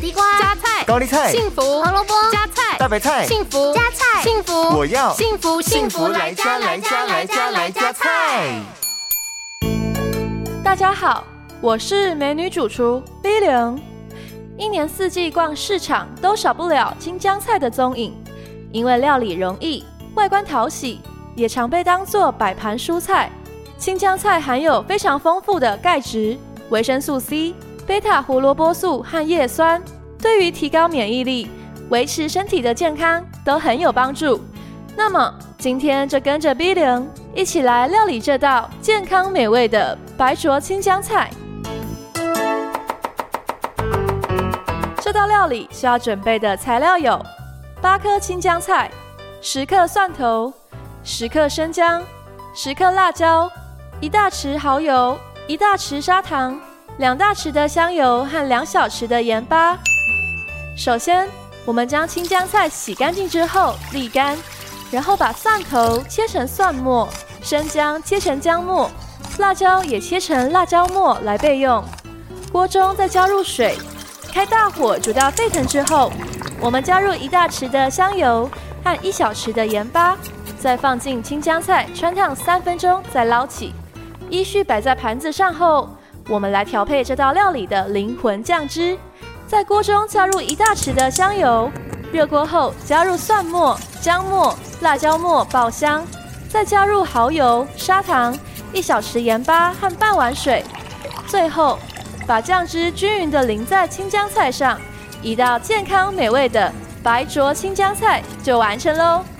西瓜加菜，高麗菜，幸福；紅蘿蔔，加菜，大白菜，幸福；加菜，幸福。我要幸福，幸福來加，來加，來加，來，來，來加菜。大家好，我是美女主廚 Billion。一年四季逛市場都少不了青江菜的蹤影，因為料理容易，外觀討喜，也常被當做擺盤蔬菜。青江菜含有非常豐富的鈣質、維生素 C。貝塔胡蘿蔔素和葉酸對於提高免疫力、維持身體的健康都很有幫助。那麼今天就跟着 Billion 一起來料理這道健康美味的白灼青江菜。 這道料理需要準備的材料有：八顆青江菜、十克蒜頭、十克生薑、十克辣椒、一大匙蠔油、一大匙砂糖。兩大匙的香油和兩小匙的鹽巴。首先，我們將青江菜洗乾淨之後瀝乾，然後把蒜頭切成蒜末，生薑切成薑末，辣椒也切成辣椒末來備用。鍋中再加入水，開大火煮到沸騰之後，我們加入一大匙的香油和一小匙的鹽巴，再放進青江菜汆燙三分鐘再撈起，依序擺在盤子上後。我們來調配這道料理的靈魂醬汁，在鍋中加入一大匙的香油，熱鍋後加入蒜末、薑末、辣椒末爆香，再加入蠔油、砂糖、一小匙鹽巴和半碗水，最後把醬汁均勻地淋在青江菜上，一道健康美味的白灼青江菜就完成嘍。